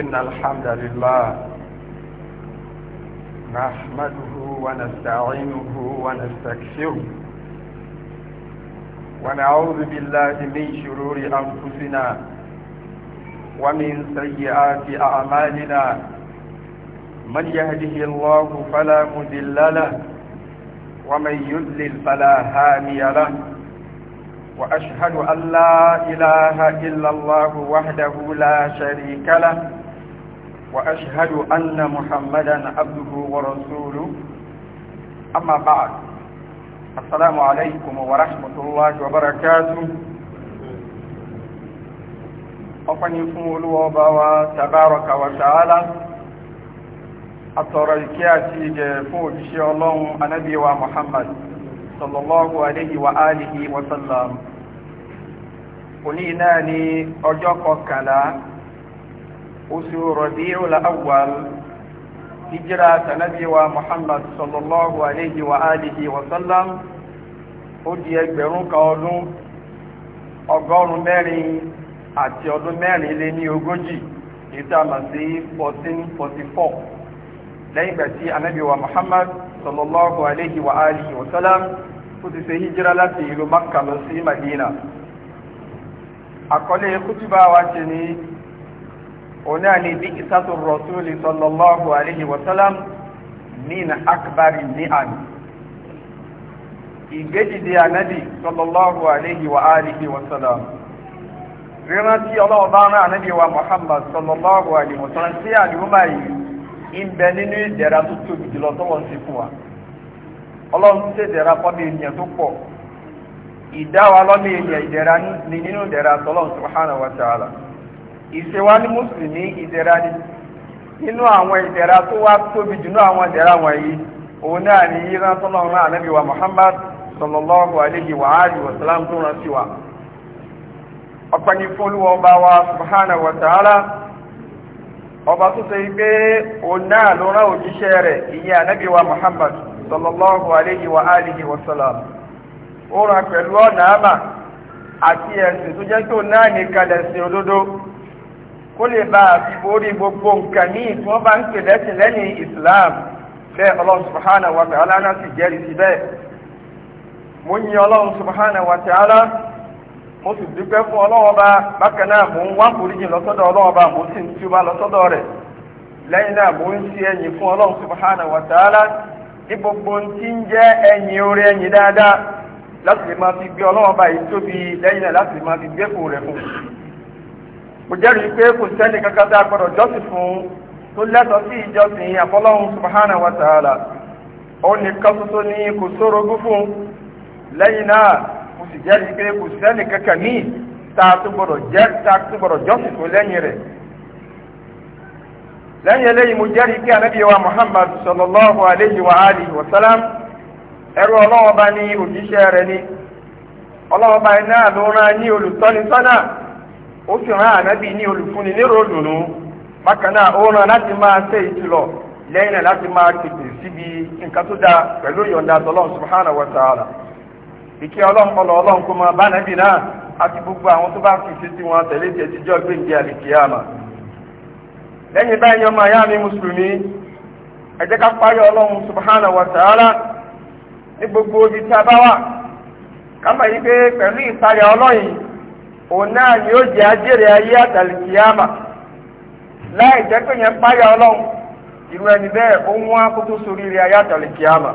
إن الحمد لله نحمده ونستعينه ونستكفره ونعوذ بالله من شرور أنفسنا ومن سيئات أعمالنا من يهده الله فلا مذل له ومن يذلل فلا هادي له وأشهد أن لا إله إلا الله وحده لا شريك له وأشهد أن محمدا عبده ورسوله أما بعد السلام عليكم ورحمة الله وبركاته ọpẹ́ni fún olúwa ọba wa tàbárọ̀kà wa ta'ala àtọ̀rọ̀ ìkẹ́ àti ìgẹ̀ fún òjíṣẹ́ ọlọ́run anábí wa Muhammad sallallahu alayhi wa alihi wa sallam òní náà ni ọjọ́ kọkànlá oṣù Rabiul Awwal hijira tanabiwa Muhammad sallallahu alayhi wa alihi wa sallam ó di ẹgbẹ̀rún kan ọdún ọgọ́rùn mẹ́rin àti ọdún mẹ́rin lé ní ogójì ìtàmà sí 1444 lẹ́yìn ìgbà tí anabiwa Muhammad sallallahu alayhi wa alihi wa sallam ó ti ṣe hijira láti ìlú Makka lọ sí Madina àkọlé kútùbà wa ṣe ni òun náà ni bí ìsátò rọ̀túlì sallallahu alayhi wa sallam min akbari ní àmì ìgbéjìdé ànábì sallallahu alayhi wa alihi wa sallam ríran tí ọlọ́wọ́ bá rán ànábì wa muhammad sallallahu alayhi wa sallam sí àdúgbò yìí ń bẹ nínú ìdẹ̀ra tó tóbi jùlọ tọ́wọ́ sí fún wa ọlọ́run ṣe ìdẹ̀ra ìṣèwá ní mùsùlùmí ìdẹ̀ra ni nínú àwọn ìdẹ̀ra tó wá tóbi jù náà àwọn ìdẹ̀ra wọ̀nyí òun náà ni ụra tọ́lọ́run náà ànábì wa Muhammad sallallahu alayhi wa alihi wa salam tó rántí wa ọ̀pẹ́ ní ọba wa subhanahu wa ta'ala ọba tó sọ pé òun náà ló rán òjíṣẹ́ rẹ̀ wa Muhammad sallallahu alayhi wa alihi wa ó pẹ̀lú ọ̀nà àmà àti ẹ̀sìn tó jẹ́ tó náà ní kó lè bá a fi borí gbogbo nǹkan ní tí wọ́n ń pè lẹ́yìn islam bẹ́ẹ̀ ọlọ́run subhanahu wa ta'ala náà sì jẹ́rìí sí bẹ́ẹ̀ mo ń yin ọlọ́run subhanahu wa ta'ala mo sì dúpẹ́ fún ọlọ́run bá bákan náà mo ń wá foríjì lọ́sọ́dọ̀ ọlọ́run bá mo sì ń túbà lọ́sọ́dọ̀ rẹ̀ lẹ́yìn náà mo ń ṣe ẹ̀yìn fún ọlọ́run subhanahu wa ta'ala ní gbogbo tí ń jẹ́ ẹ̀yìn orí ẹ̀yìn dáadáa láti lè máa fi gbé ọlọ́run bá yìí tóbi lẹ́yìn náà láti lè máa fi gbé fún rẹ̀ fún un kò jẹ́rìí pé kò sẹ́ni kankan tá a gbọ́dọ̀ jọ́sìn fún tó lẹ́tọ̀ọ́ sí ìjọsìn àfọlọ́hún subhanahu wa ta'ala òun nìkan ṣoṣo ni kò sórogún fún lẹ́yìn náà kò sì jẹ́rìí pé kò sẹ́ni kankan míì tá a tún gbọ́dọ̀ jẹ́ tá a tún gbọ́dọ̀ jọ́sìn fún lẹ́yìn rẹ̀ lẹ́yìn eléyìí mo jẹ́rìí pé anábìyẹ wa muhammad sallallahu alayhi wa alihi wa salam ẹrú ọlọ́wọ́ba ní òjíṣẹ́ rẹ̀ ni ọlọ́wọ́ba iná ló rán ní olùtọ́ni sọ́nà. o fi hàn ànábì ní olùfúnni ni bákan náà ó ràn láti máa ṣe ìtìlọ̀ lẹ́yìn náà láti máa tètè síbi nǹkan tó dáa pẹ̀lú ìyọ̀ǹda tọ́lọ́ subhanahu wa ta'ala ìkẹ́ ọlọ́nkọlọ ọlọ́nkọ máa bá nàbì náà àti gbogbo àwọn tó bá fi títí wọn tẹ̀lé tẹ̀síjọ́ gbèǹde àlìkíyàmà lẹ́yìn báyìí ọmọ ayá mi mùsùlùmí wa ta'ala ní gbogbo ibi tí a bá wà ká mọ̀ yí pé pẹ̀lú òun náà ni ó jẹ́ ajẹ́rẹ́ ayé àtàlìkìyàmà láì jẹ́ pé yẹn páyà ọlọ́run irú ẹni bẹ́ẹ̀ ó ń wá kótó sóríire ayé àtàlìkìyàmà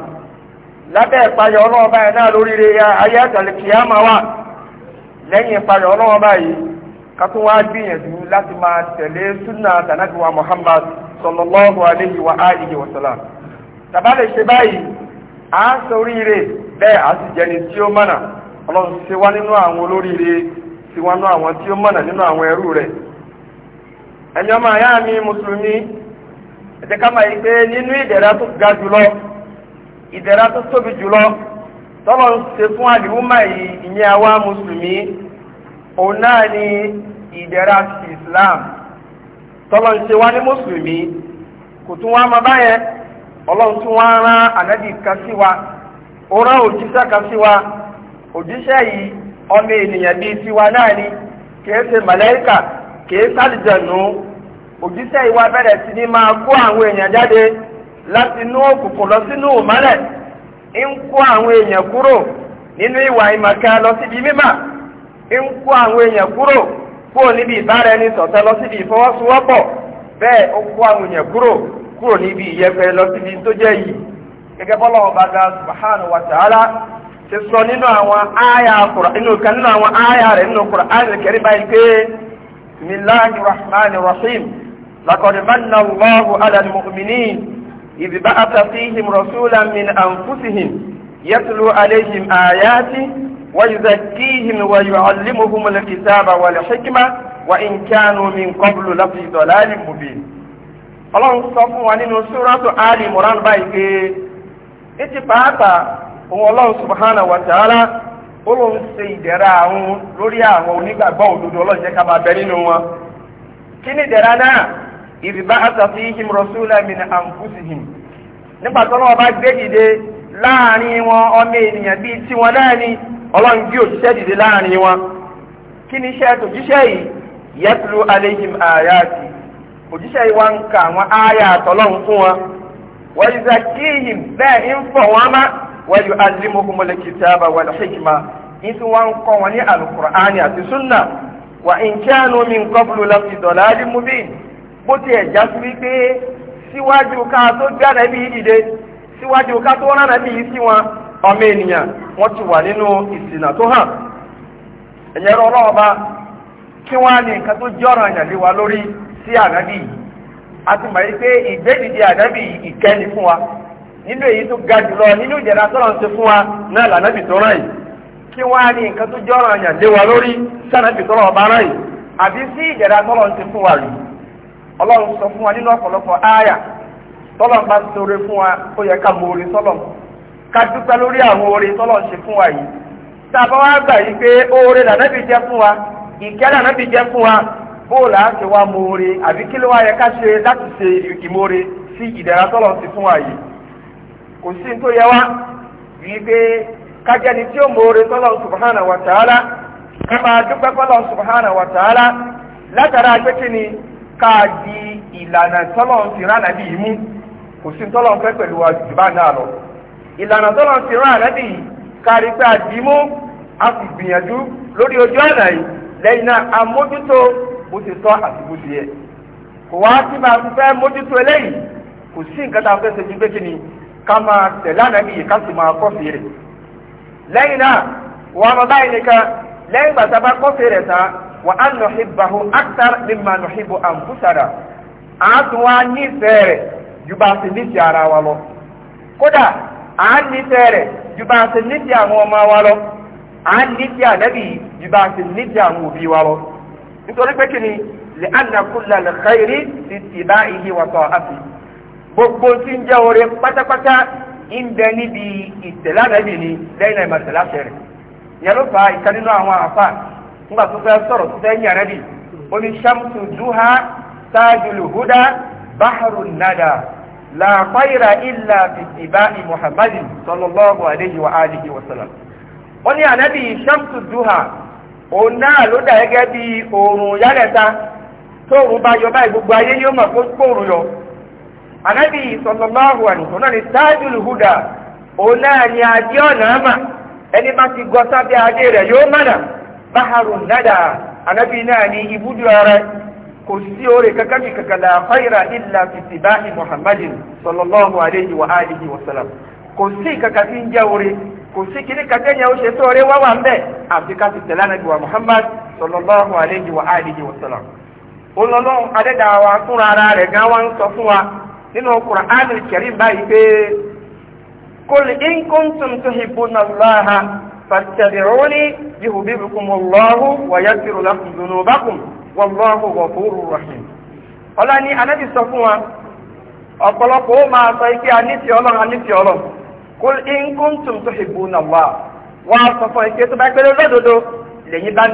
lábẹ́ ìpayà ọlọ́run báyìí náà lóríire ayé àtàlìkìyàmà wà lẹ́yìn ìpayà ọlọ́run báyìí ká wá gbìyànjú láti máa tẹ̀lé súnà tànàbíwá Muhammad sallallahu alayhi wa alihi wa sallam tàbá lè ṣe báyìí à ń bẹ́ẹ̀ àti jẹni tí ó mọ̀nà ọlọ́run ti wá nínú àwọn olóríire sí wọn náà àwọn tí ó mọ̀nà nínú àwọn ẹrú rẹ̀ ẹ̀yin ọmọ àyá mi mùsùlùmí ẹ pé nínú ìdẹ̀ra tó ga jùlọ ìdẹ̀ra tó tóbi jùlọ tọ́lọ̀ ń fún àdìwúmà yìí ìyẹn àwa mùsùlùmí òun náà ni ìdẹ̀ra Islam tọ́lọ̀ ń wá ní mùsùlùmí kò tún wá máa báyẹn ọlọ́run tún wá rán kan sí ọmọ ènìyàn bíi tiwa náà ni kìí ṣe màláíkà kìí sálìjẹ̀nù òjíṣẹ́ ìwà bẹ̀rẹ̀ sí ni máa kó àwọn èèyàn jáde láti inú òkùnkùn lọ sínú ìmọ́lẹ̀ ń kó àwọn èèyàn kúrò nínú ìwà ìmọ̀kan lọ síbi mímọ̀ ń kó àwọn èèyàn kúrò kúrò níbi ìbára ẹni lọ síbi ìfọwọ́sowọ́pọ̀ bẹ́ẹ̀ ó kó àwọn èèyàn kúrò kúrò níbi ti sọ nínú àwọn àyà kura inú kan nínú àwọn àyà rẹ̀ nínú Qur'an al-Karim báyìí pé bismillahir rahmanir rahim laqad manna Allahu 'ala al-mu'minin idh ba'atha fihim rasulan min anfusihim yatlu 'alayhim ayatihi wa yuzakkihim wa yu'allimuhum al-kitaba wal hikma wa in kanu min qablu lafi dalalin mubin ọlọ́run sọ fún wa nínú Suratu Ali Imran báyìí pé ní ti pàápàá òun ọlọ́run subhanahu wa ta'ala ó ló ń ṣe ìdẹ̀ra àwọn lórí àwọn onígbàgbọ́ òdodo ọlọ́run ká máa bẹ nínú wọn. kí ni ìdẹ̀ra náà min anfusihim nígbà tó náà bá gbé dìde láàrin wọn ọmọ ènìyàn bíi tiwọn náà ni ọlọ́run bí dìde láàrin wọn kí ni iṣẹ́ yìí ayati òjíṣẹ́ yìí ń ka àwọn fún wa wa yu'allimuhumul kitaba wal hikma in kọ́ wọn ní alukur'ani àti sunna wa in kanu min lafi dalalin mubin bó tiẹ̀ já sí wípé síwájú ká tó gbé ànábì dìde síwájú ká tó rán ànábì sí wọn ọmọ ènìyàn wọ́n ti wà nínú ọba kí wọ́n á ní nǹkan tó jọ́ràn àyàn lórí sí a ti mọ̀ nínú èyí tó ga jùlọ nínú ìjẹ̀dá tọ́lọ̀ ń fún wa náà lànàbì tó rán yìí kí wọ́n á ní nǹkan tó jọ́ràn àyàn lé wa lórí sànàbì tọ́lọ̀ ọba rán yìí àbí sí ìjẹ̀dá tọ́lọ̀ ń fún wa rí ọlọ́run sọ fún wa nínú ọ̀pọ̀lọpọ̀ tọ́lọ̀ bá fún wa ó yẹ ká tọ́lọ̀ ká dúpẹ́ lórí àwọn tọ́lọ̀ ń fún wa yìí a wá gbà yìí pé oore lànàbì jẹ́ fún wa ìkẹ́ lànàbì jẹ́ fún wa bóòlù mọ àbí kò sí ní tó yẹ wá yìí pé kájẹni tí ó mòore tọ́lọ̀ subhana wa ta'ala ká máa dúpẹ́ tọ́lọ̀ subhana wa ta'ala látara pé kí ni ká di ìlànà tọ́lọ̀ ti rán ànábì yìí mú kò sí tọ́lọ̀ fẹ́ pẹ̀lú àjùbá náà lọ ìlànà tọ́lọ̀ ti rán ànábì yìí kárí pé àdìmú a sì gbìyànjú lórí ojú ọ̀nà yìí lẹ́yìn náà a mójútó bó ti tọ́ àti bó ti yẹ kò wá sí máa fẹ́ mójútó eléyìí kò sí nǹkan tá a fẹ́ ṣe ju pé ni ká máa tẹ̀lé ànábì yìí ká sì máa kọ́fì rẹ̀ lẹ́yìn náà wọ́n máa báyìí nìkan lẹ́yìn gbàtà bá kọ́fì rẹ̀ tán wà á nuhibbahu akthar mimma nuhibbu anfusana à á tún wá nífẹ̀ẹ́ rẹ̀ ju bá a ti nífẹ̀ẹ́ ara wa lọ kódà á nífẹ̀ẹ́ rẹ̀ ju bá a ti nífẹ̀ẹ́ àwọn ọmọ wa lọ à á nífẹ̀ẹ́ ànábì ju bá a ti nífẹ̀ẹ́ àwọn òbí wa lọ nítorí pé kí ni li anna kulla al-khayri fi ittiba'ihi wa ta'atihi gbogbo tí ń jẹ́ oore pátápátá ń bẹ níbi ìtẹ̀lánàbì ni lẹ́yìn náà ìmọ̀tẹ̀lá fẹ̀rẹ̀ ìyẹn ló fa ìkan nínú àwọn àfa nígbà tó fẹ́ sọ̀rọ̀ tó fẹ́ yìn ànábì ó ní shamsu duha tajul huda bahru nada la khayra illa fi ittiba'i muhammadin sallallahu alayhi wa alihi wa sallam ó ní ànábì shamsu duha òun náà ló dà gẹ́gẹ́ bí oòrùn yálẹ̀ta tóòrùn bá yọ báyìí gbogbo ayé ni mọ̀ kó anabi sallallahu alaihi wasallam ni tajul huda òun náà ni adé ọ̀nà àmà ẹni bá ti gọ sábẹ́ adé rẹ̀ yóò mọ̀nà báhàrù nàdà anabi náà ni ibùdó ara kò sí oore kankan ní kankan la khayra illa fi tibahi muhammadin sallallahu alaihi wa alihi wa sallam kò sí kankan tí ń jẹ́ oore kò sí kí ní kankan yẹn ó ṣe tó oore wá wà ń ká ti tẹ̀lé anabi wa muhammad sallallahu alaihi wa alihi wa sallam. olólùwọ̀n adẹ́dàá wa fúnra ara rẹ̀ gan wa ń sọ fún wa nínú Qur'an al-Karim báyìí pé qul in kuntum tuhibbuna Allaha fattabi'uni yuhbibkumullahu wa yaghfir lakum dhunubakum wallahu ghafurur rahim. ọlá ní anábì sọ fún wa ọ̀pọ̀lọpọ̀ ó máa sọ ike anífi ọlọ́run anífi ọlọ́run qul in kuntum tuhibbuna Allah wọ́n á sọ fún ike tó bá gbélé lódodo lèyìn bá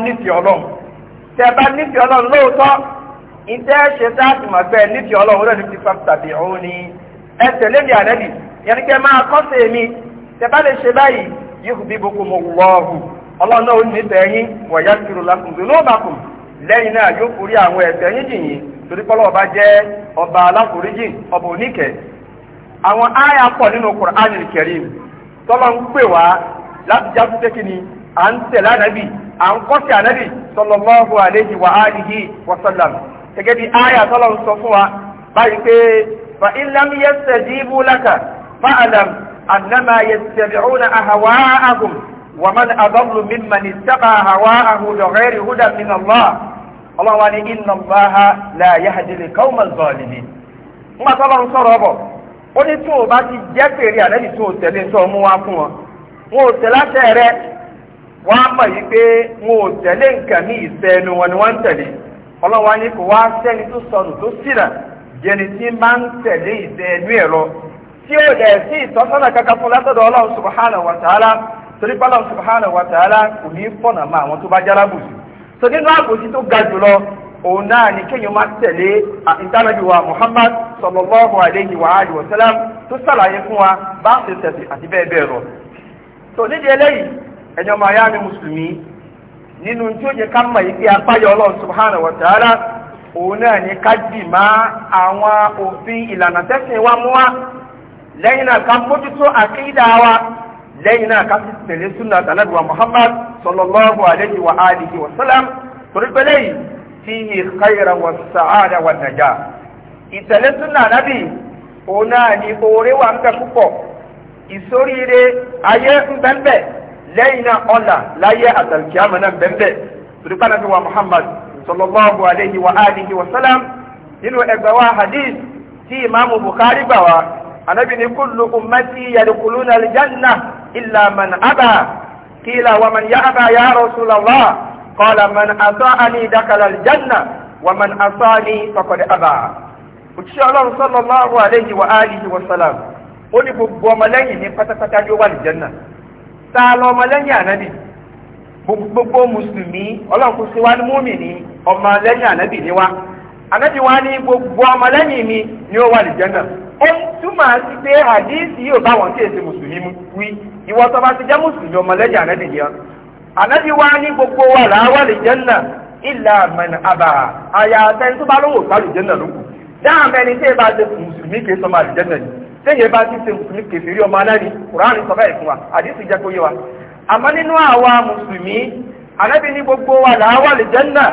bá nífi ìtẹ́ ṣe táàtì mọ̀ pé nífi ọlọ́run lọ́dún ti fam tàbí òun ni ẹ tẹ̀lé mi mi tẹ bá lè ṣe báyìí yóò bí boko mo wọ ọ̀hún ọlọ́run náà ó ní ìfẹ́ yín kiri lẹ́yìn náà yóò forí àwọn yín jì yín torí pọ́lọ́ ọba jẹ́ gẹ́gẹ́ bí aya tọ́lọ̀ ń sọ fún wa báyìí pé fa ilam yastajibu laka fa alam annama yattabi'una ahwa'ahum wa man adallu mimman ittaba ahwa'ahu bi ghairi hudan min Allah Allah wa ni inna Allaha la yahdi al-qawma adh-dhalimin ńgbà tọ́lọ̀ ń sọ̀rọ̀ bọ̀ ó ní tó o bá ti jẹ́ pèrè àlẹ́bí tó o tẹ̀lé tó mú wá fún wọn wọn ò tẹ̀lé àtẹ̀ rẹ wọ́n á mọ̀ yìí pé wọn ò tẹ̀lé nǹkan ní ìfẹ́ ẹnu wọn ni wọ́n ń tẹ̀lé ọlọ́wọ́ ni kò wá sẹ́ni tó sọnù tó síra jẹni tí máa ń tẹ̀lé ìfẹ́ ẹnu ẹ̀rọ tí ó dẹ̀ sí ìtọ́sọ́nà kankan fún látọ̀dọ̀ ọlọ́run subhanahu wa ta'ala torí pé ọlọ́run subhanahu wa ta'ala kò ní fọ̀nà máa àwọn tó bá jára bùsù tó nínú àbòsí tó ga jùlọ òun náà ni kéèyàn máa tẹ̀lé ìtànàbí wa Muhammad sallallahu alayhi wa alihi wa sallam tó sàlàyé fún wa bá ṣe tẹ̀sí àti bẹ́ẹ̀ bẹ́ẹ̀ lọ. tó nídìí eléyìí ẹ̀yọ́ máa mi mùsùlùmí nínú tí ó yẹ ká mọ̀ yìí pé apáyọ ọlọ́run subhanahu wa ta'ala òun náà ní ká dì má àwọn òfin ìlànà tẹ́sìn wa mú wa lẹ́yìn náà ká mójútó àkídà wa lẹ́yìn náà ká sì tẹ̀lé súnà tàlẹ́dùwà muhammad sallallahu alayhi wa alihi wa sallam torí pé lẹ́yìn fihi khayran wa sa'ada wa naja ìtẹ̀lé súnà nábì òun náà ní oore wa ń bẹ púpọ̀ ìsoríire ayé ń bẹ́ńbẹ́ lẹ́yìn náà ọ̀là láyé àtàlùkìyàmọ̀ náà bẹ́ẹ̀ tùdúpá náà fi wà Muhammad sallallahu alayhi wa alihi wa salam nínú ẹgbẹ́ wa hadith tí ìmáàmù Bukhari gbà wá anabi ni kullu ummati yadkhuluna aljanna illa man aba qila wa man ya'ba ya rasulallah qala man ata'ani dakhala aljanna wa man asani faqad aba òṣìṣẹ́ ọlọ́run sallallahu alayhi wa alihi wa salam ó ní gbogbo ọmọlẹ́yìn ní pátápátá yóò wà lìjẹ́ náà ta lọ́mọlẹ́yìn ànábì gbogbo mùsùlùmí ọlọ́run kò sí wa ní múmìnì ọmọlẹ́yìn ànábì ni wa ànábì wa ní gbogbo ọmọlẹ́yìn mi ni ó wà ní jẹ́nà ó túmọ̀ sí pé àdíìsì yóò bá wọn tí èsì mùsùlùmí wí ìwọ tó bá ti jẹ́ mùsùlùmí ọmọlẹ́yìn ànábì ni ọ ànábì wa ní gbogbo wa là wà ní jẹ́nà ìlà mẹ́ni àbà àyà àtẹni lówó gbàlù jẹ́nà lókù dáhà tí téèyàn bá ti ṣe mùsùlùmí kèfèrí ọmọ aláìní kùránì sọ bẹ́ẹ̀ fún wa àdìsí jẹ́ kó yé wa àmọ́ nínú àwa mùsùlùmí anábì ní gbogbo wa làá wà lè jẹ́nà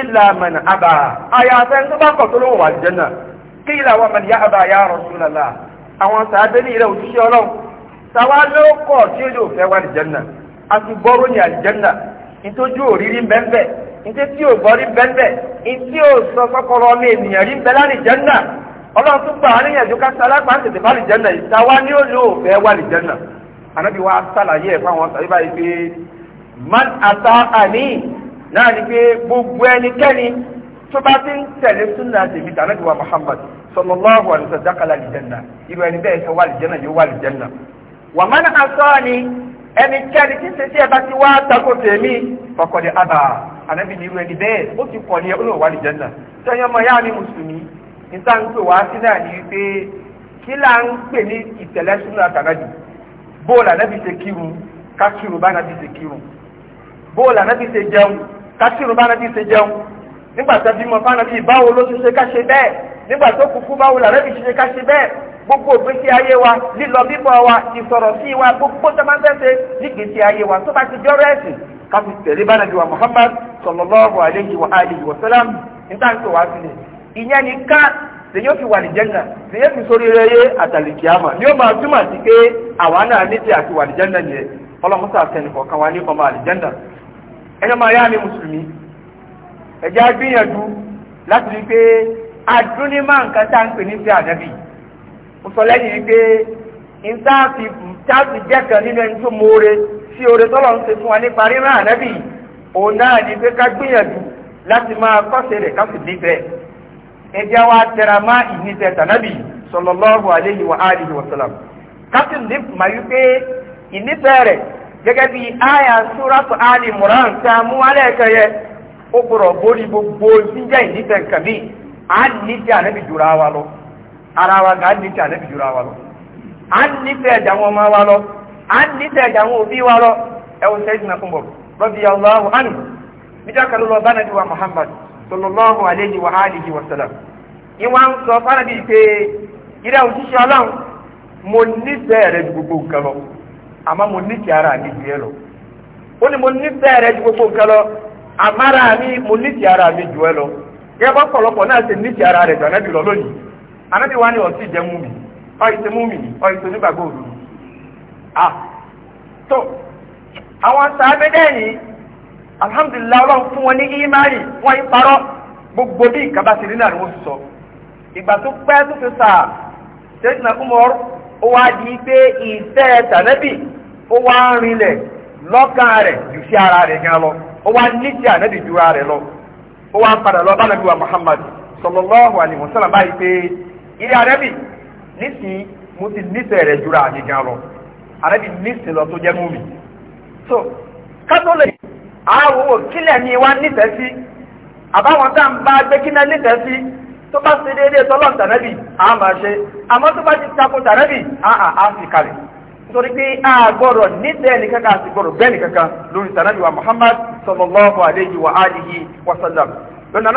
ìlà mọ̀nà àbà àyàfẹ́ tó bá kọ̀ tó lówó wà jẹ́nà kí ìlà wa mọ̀nà yá àbà yá Rasulullah àwọn sàábẹ́ ní ilẹ̀ òṣìṣẹ́ ọlọ́run sàwa ló tí ó yóò fẹ́ wà lè jẹ́nà a ti ní àlìjẹ́nà ìtọ́jú òrírí bẹ́ẹ̀ bẹ́ẹ̀ ìtẹ́ tí ìtí ò sọ ọmọ ènìyàn rí bẹ́ẹ̀ lálìjẹ́nà ọlọ́run tún gbà àríyànjú ká sálápá ń tètè fálì jẹ́nà ìta wá ní olú òfẹ́ wà lì jẹ́nà anábì wa sàlàyé ẹ̀ fáwọn sàbí báyìí pé man ata ani náà ni pé gbogbo ẹnikẹ́ni tó bá ti ń tẹ̀lé súnà tèmi tà wa Muhammad sallallahu alaihi wasallam dákàlà lì jẹ́nà irú ẹni bẹ́ẹ̀ fẹ́ wà lì jẹ́nà yóò wà lì jẹ́nà wà man ata ni ẹnikẹ́ni tí sèse bá ti wá tako tèmi fọkọ̀dé àbà anábì ni irú ẹni bẹ́ẹ̀ ó ti kọ̀ ní ẹ ó níta ń pè wá sí náà ní wípé kí là ń pè ní ìtẹ̀lẹ́ sínú àtàlájù bóòlù ànábì ṣe kírun kákírun bá ànábì ṣe kírun bóòlù ànábì ṣe jẹun kákírun bá ànábì ṣe jẹun nígbà tó fi mọ fáwọn ànábì báwo ló ti ṣe ká ṣe bẹ́ẹ̀ nígbà tó kúkú báwo lànábì ṣe ká ṣe bẹ́ẹ̀ gbogbo ìgbésí ayé wa lílọ bíbọ̀ wa ìsọ̀rọ̀ sí wa gbogbo tó máa ń tẹ́sẹ̀ nígbésí ayé wa tó bá ti jọ́rọ̀ ẹ̀sìn ká fi tẹ̀lé bá ànábì wa Muhammad sallallahu alayhi wa alihi wa sallam níta ń pè wá sílẹ̀ ìyẹn nìkan lèyìn òfin wà ní jẹ́nà lèyìn òfin sórí rẹ̀yẹ àtàlìkìámà ni ó máa túmọ̀ sí pé àwa náà ní ti àti wà ní jẹ́nà yẹn ọlọ́mọ́sá àtẹnìkọ̀ kan wá ní ọmọ àlìjẹ́nà ẹni máa yá ni mùsùlùmí ẹ̀jẹ̀ á gbìyànjú láti rí pé àdúní máa nǹkan tá à ń pè ní sí ànábì mo sọ lẹ́yìn rí pé ìsáàfì táàfì jẹ́ kan nínú ẹni tó mọ̀ọ́re sí oore tọ́lọ̀ ń ṣe fún wa nípa rírán ànábì òun náà ní pé ká gbìyànjú láti máa kọ́ṣe rẹ̀ ká sì nífẹ̀ẹ́ ẹjẹ́ wa tẹra má ìníṣẹ́ tànábì sallallahu alayhi wa alihi wa sallam captain lip ma yí pé ìníṣẹ́ rẹ̀ gẹ́gẹ́ bí aya suratu ali imran ta mú alẹ́ kẹyẹ ó gbọ́dọ̀ borí gbogbo síjẹ́ ìníṣẹ́ nǹkan mi à ń níṣẹ́ ànábì jura wa lọ ara wa gà á níṣẹ́ ànábì jura wa lọ à ń níṣẹ́ ẹ̀dá wọn ma wa lọ à ń níṣẹ́ ẹ̀dá wọn òbí wa lọ ẹ̀ wọ́n sẹ́yìn náà rọ́bì yàrá wa hàn níjà sallallahu alayhi wa alihi wa sallam ni wọ́n sọ fárábì pé ìdá òṣìṣẹ́ ọlọ́run mo nífẹ̀ẹ́ rẹ ju gbogbo nǹkan lọ àmọ́ mo nífẹ̀ẹ́ ara mi ju ẹ lọ ó ní mo nífẹ̀ẹ́ rẹ ju gbogbo nǹkan lọ àmàrà mi mo nífẹ̀ẹ́ ara mi ju ẹ lọ gẹ́gẹ́ bá pọ̀lọpọ̀ náà ṣe nífẹ̀ẹ́ ara rẹ̀ jù ànábì lọ lónìí ànábì wa ni ọtí jẹ́ mú mi ọyì tó mú mi ọyì tó nígbàgbọ́ òdu ah tó àwọn alhamdulilayi ọlọ́run fún wọn ní ìmárì wọ́n ń parọ́ gbogbo bí ìkàbá ti rí náà ni wọ́n sọ ìgbà tó pẹ́ tó fi sà sẹ́yìn àkúmọ́ ó wá di pé ìfẹ́ tànẹ́bì ó wá ń rinlẹ̀ lọ́kàn rẹ̀ jù sí ara rẹ̀ gan lọ ó wá níjẹ́ ànẹ́bì ju ara rẹ̀ lọ ó wá ń padà lọ bá nàbí Muhammad sallallahu alaihi wasallam báyìí pé ilé ànẹ́bì nísìnyí mo ti nífẹ̀ẹ́ rẹ̀ jura àti gan lọ ànẹ́bì nísìnyí lọ tó jẹ́ mú mi. so kátó lè àwọn òkílẹ̀ ni wá nífẹ̀ẹ́ sí àbáwọn tá à ń bá gbé kí náà nífẹ̀ẹ́ sí tó bá ṣe déédéé tọ́lọ́ tànẹ́bì á máa ṣe àmọ́ tó bá ti takò tànẹ́bì á fi kalẹ̀ nítorí pé a gbọ́dọ̀ nífẹ̀ẹ́ nìkankan àti gbọ́dọ̀ bẹ́ẹ̀ nìkankan lórí tànẹ́bì wa Muhammad sallallahu alayhi wa alihi wa sallam lọ́nà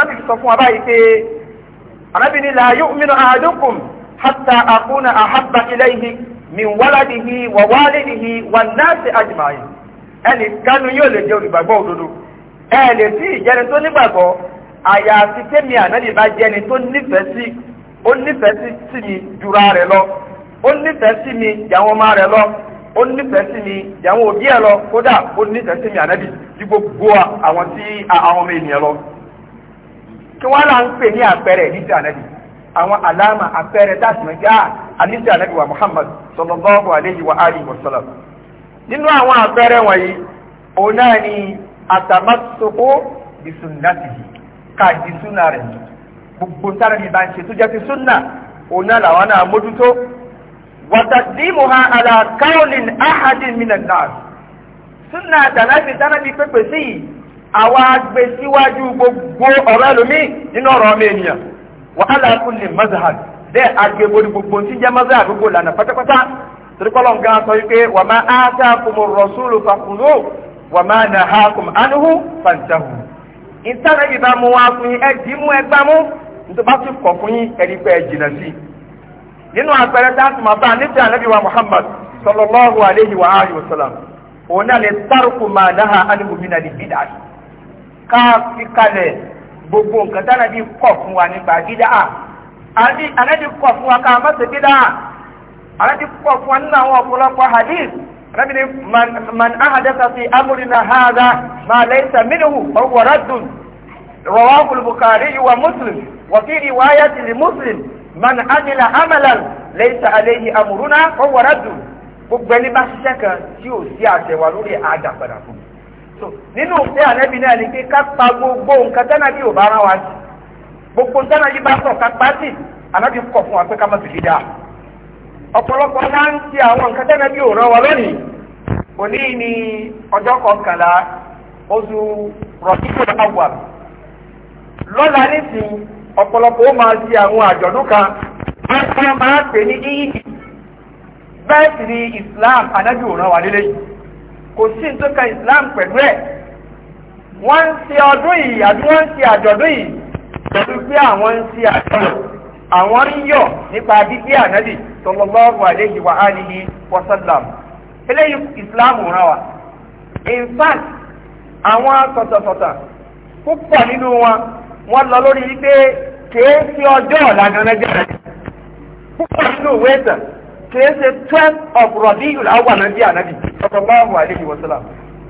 ẹnì kánú yóò lè jẹ olùgbàgbọ́ òdodo ẹ lè ìjẹni tó nígbàgbọ́ àyàfi kémi ànábì bá jẹni tó nífẹ̀ẹ́ sí ó nífẹ̀ẹ́ sí mi jura lọ ó nífẹ̀ẹ́ sí mi jàwọn ọmọ lọ ó nífẹ̀ẹ́ sí mi jàwọn òbí ẹ̀ lọ kódà ó nífẹ̀ẹ́ sí mi ànábì tí gbogbo àwọn tí àwọn ọmọ ènìyàn lọ kí wọ́n là ń pè ní àpẹẹrẹ ìdíje ànábì àwọn àlámà àpẹẹrẹ dáàtì ah, wa Muhammad nínú àwọn àpẹẹrẹ wọ̀nyí òun náà ni àtàmásókó ìsúnnàtì káàdì súnà rẹ̀ gbogbo tára ní bá ń ṣe tó jẹ́ ti súnà òun náà làwọn náà mójútó wàtàdímù ha àlàkáwọlìn áhàdín mìíràn náà súnà àtàláfi tára ní pépè sí àwa gbé síwájú gbogbo ọ̀rọ̀ ẹlòmíì nínú ọ̀rọ̀ ọmọ ènìyàn wàhálà kùnlé mazahab bẹ́ẹ̀ agbègbè gbogbo tí jẹ́ mazahab gbogbo lànà pátápátá tirikọlọ nga sọ yìí pé wà má á dá kumu rọ̀ṣúlù fàkùnú wà má nà ha kumu anuhu fàǹtàhù. ìtàn ẹ̀yìn bá mu wá fún yín ẹ dì í mú ẹ gbá mú nítorí bá kọ̀ fún yín ẹni pé jìnà sí i. nínú àpẹẹrẹ tá a tún máa bá níbi ànábì wa Muhammad sallallahu alayhi wa alihi wa sallam òun náà lè tárùkù máa náà anuhu mi náà lè bí dàá. ká kalẹ̀ gbogbo nǹkan tánàbí kọ̀ fún wa nípa dídá. ànábì aláti pọ̀ fún nínú àwọn ọ̀pọ̀lọpọ̀ hadith alábìnrin man ahadasa fi amúrinà haza ma laysa minhu ọwọ́ radun rawahu al-bukhari wa muslim wa fi riwayati li muslim man amila amalan laysa alayhi amúrúnà ọwọ́ radun gbogbo ẹni bá ṣiṣẹ́ kan tí ò sí àṣẹ wa lórí àjà padà fún mi nínú ìfẹ́ ànẹ́bí náà ni pé ká pa gbogbo nǹkan tẹ́nàbí ò bá rán wa sí gbogbo tẹ́nàbí bá sọ̀ ká pa sí ànẹ́bí kọ̀ fún wa pé ká má fi fi ọ̀pọ̀lọpọ̀ náà ń ti àwọn nǹkan tẹ́lẹ̀ bí òòrùn wa lónìí òní ni ọjọ́ kọkànlá oṣù rọ̀kíkò àwà lọ́la nísìn ọ̀pọ̀lọpọ̀ ó máa ti àwọn àjọ̀dún kan wọ́n máa pè ní bẹ́ẹ̀ sì Islam anájú òòrùn wa kò sí Islam pẹ̀lú ẹ̀ wọ́n ń ṣe ọdún yìí àbí wọ́n ń ṣe àjọ̀dún yìí pẹ̀lú pé àwọn ń ṣe àwọn ń yọ̀ nípa bíbí sallallahu alayhi wa alihi wa sallam eléyìí ìsìláàmù rán wa in fact àwọn sọ̀tọ̀sọ̀tọ̀ púpọ̀ nínú wọn wọ́n lọ lórí wípé kìí sí ọjọ́ ọ̀la ganajà rẹ̀ púpọ̀ nínú ìwé ìtàn kìí ṣe twelve of rọ̀bí ìlà wà nàbí ànábì sallallahu alayhi wa sallam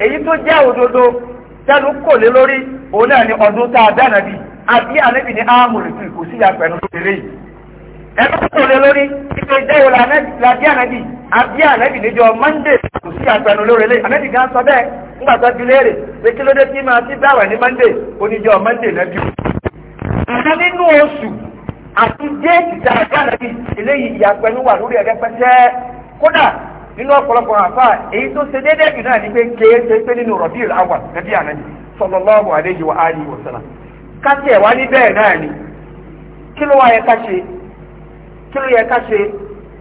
èyí tó jẹ́ òdodo tẹnu kò lé lórí òun náà ni ọdún tá a dá àbí ànábì ní áàmù rẹ̀ kò sí ìyá pẹ̀lú lórí eléyìí ẹ̀rọ tó lé lórí títí ìjẹ́ ìwò làbí ànábì àbí ànábì níjọ mọ́ndé kò sí àgbẹ̀nu lórí ilé ànábì gan sọ bẹ́ẹ̀ nígbà tó di léèrè pé kí ló dé tí máa ti dáwà ní mọ́ndé oníjọ mọ́ndé lẹ́bí. àná nínú oṣù àti déètì tá a gbà ànábì eléyìí ìyàgbẹ́nu wà lórí ẹ̀rẹ́ pẹ́sẹ́ kódà nínú ọ̀pọ̀lọpọ̀ àfa èyí tó ṣe déédéé jù náà ni pé kéé ṣe pé nínú rọ̀bì ìlàwà sallallahu alaihi wa sallam kásìẹ̀ wá ní bẹ́ẹ̀ náà ni kí kí ló yẹ ká ṣe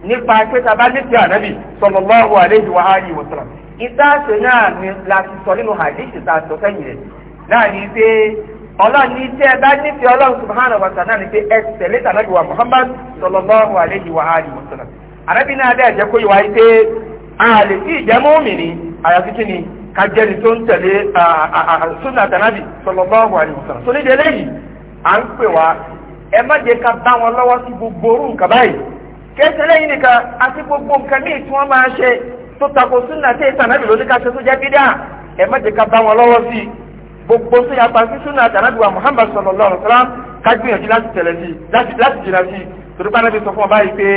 nípa pé tá a bá nífẹ̀ẹ́ ànábì sallallahu alaihi wa alihi wa sallam ìtaṣe náà ni la ti sọ nínú hadithi tá a sọ sẹ́yìn rẹ̀ náà ni pé ọlọ́run ní tẹ́ ẹ bá nífẹ̀ẹ́ ọlọ́run subhanahu wa ta'ala ni pé ẹ tẹ̀lé tànábì wa muhammad sallallahu alaihi wa alihi wa sallam ànábì náà dẹ́ ẹ̀jẹ̀ kó yẹ wáyé pé a lè fi ìjẹ́ mọ́mìnì àyàfi kí ni ká jẹ́ni tó ń tẹ̀lé sunna tànábì sallallahu alaihi wa sallam ẹ má jẹ́ ká bá wọn lọ́wọ́ sí gbogbo orú nǹkan báyìí kẹsẹ̀ lẹ́yìn nìkan àti gbogbo nǹkan míì tí wọ́n máa ṣe tó tako súnà tí èsì ànábì lóní ká ṣe tó jẹ́ bídà ẹ má jẹ́ ká bá wọn lọ́wọ́ sí gbogbo tó yàtọ̀ sí súnà àtànábì wa Muhammad sallallahu alaihi wasallam ká gbìyànjú láti tẹ̀lé sí láti jìnnà sí torí bá nàbí sọ fún wa báyìí pé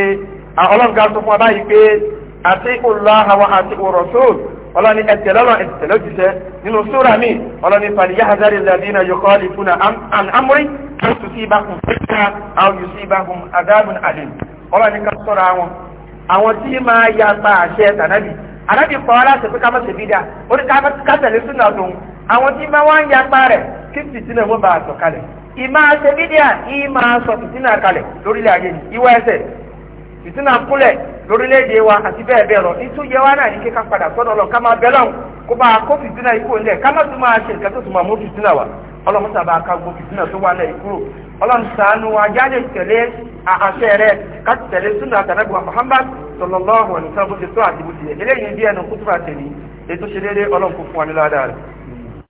ọlọ́ǹga sọ fún wa báyìí pé àti Allah wa àti rasul ọlọ́ni ẹ̀tẹ̀ lọ́rọ̀ ẹ̀tẹ̀ lójúṣẹ́ nínú súra mi ọlọ́ni fàlìyà hazari ladina yukhalifuna an amri yóò tún sí ibàkùn fẹ́ẹ́ àwọn yóò sí ibàkùn adáàbùn àdìm ọlọ́run ní ká sọ̀rọ̀ àwọn àwọn tí máa ya pa àṣẹ tànàbì ànábì pa wá láti pé ká má ṣe bí dáa ó ní ká tẹ̀lé súnà dùn àwọn tí máa wá ń ya pa rẹ̀ kí fìtínà mọ́ bá a sọ̀ kalẹ̀ ìmá ṣe bí dáa ìmá sọ fìtínà kalẹ̀ lórílẹ̀ ayé yìí ìwọ ẹsẹ̀ fìtínà kúlẹ̀ lórílẹ̀‐èdè wa àti bẹ́ẹ̀ bẹ́ẹ̀ lọ ìtú yẹ wá náà ní kíkà padà sọ́dọ̀ lọ ká máa bẹ́ lọ́hùn kó bá a kó fìtínà ikú ńlẹ̀ ká má tún máa ṣe nǹkan tó tún máa mú fìtínà wá ọlọ́run sábà ká gbogbo fìtínà tó wà lẹ́yìn kúrò ọlọ́run ṣàánú wa jáde tẹ̀lé àṣẹ rẹ káti tẹ̀lé súnà àtàlẹ́gbọ̀n Muhammad sallallahu alaihi wasallam bó ti tó àti bó ti yẹ eléyìí bí ẹnu kútùbà tẹ̀lé ètò ṣe ọlọ́run kò fún wa ní ládàá rẹ̀.